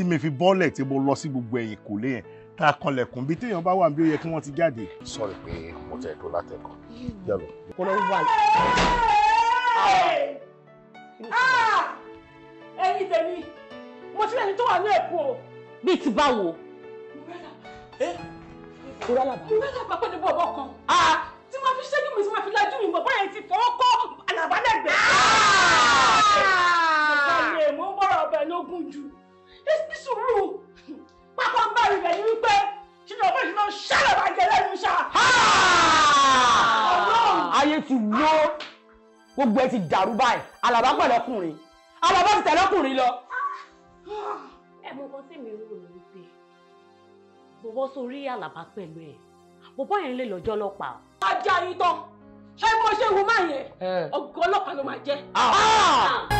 tí mi fi bọ́ọ̀lẹ̀ tí mo lọ sí gbogbo ẹ̀yìn kò lé yẹn tá a kanlẹ̀kùn bí téèyàn bá wà bí ó yẹ kí wọ́n ti jáde. sọ̀rọ̀ pé mo tẹ̀ tó látẹ̀kọ̀ yálò. kò lọ wà lọ. Ah! ẹyin tèmi mo ti lẹni tó wà ní ẹ̀kú o. bíi ti báwo. ìrọ̀làbà ìrọ̀làbà pẹ̀lú bọ̀bọ̀ kan. Ah! tí wọ́n fi ṣẹ́jú mi tí wọ́n fi lajú mi bọ̀bọ̀ yẹn ti fọwọ́ kọ́ àlàbálẹ̀gbẹ̀. Ah! bàbá mi ní sùúrù pápá ń bá rí rẹ̀ ní wípé ṣíṣe ọmọ ìṣúná ṣẹlẹ̀ bá jẹ lẹ́nu ṣá. ayé ti wó gbogbo ẹ ti dàrú báyìí alàbá pẹ̀lú ọkùnrin alàbá ti tẹ̀lé ọkùnrin lọ. ẹ mọ nǹkan tí mi ń rò ní pé bọ̀bọ̀ sórí alàbá pẹ̀lú ẹ̀ bọ̀bọ̀ yẹn lè lọ́jọ́ ọlọ́pàá. ajá yín tán ṣé mo ṣe wù máa yẹn ọgọ́ ọlọ́pàá ló máa jẹ́. Ah! Ah!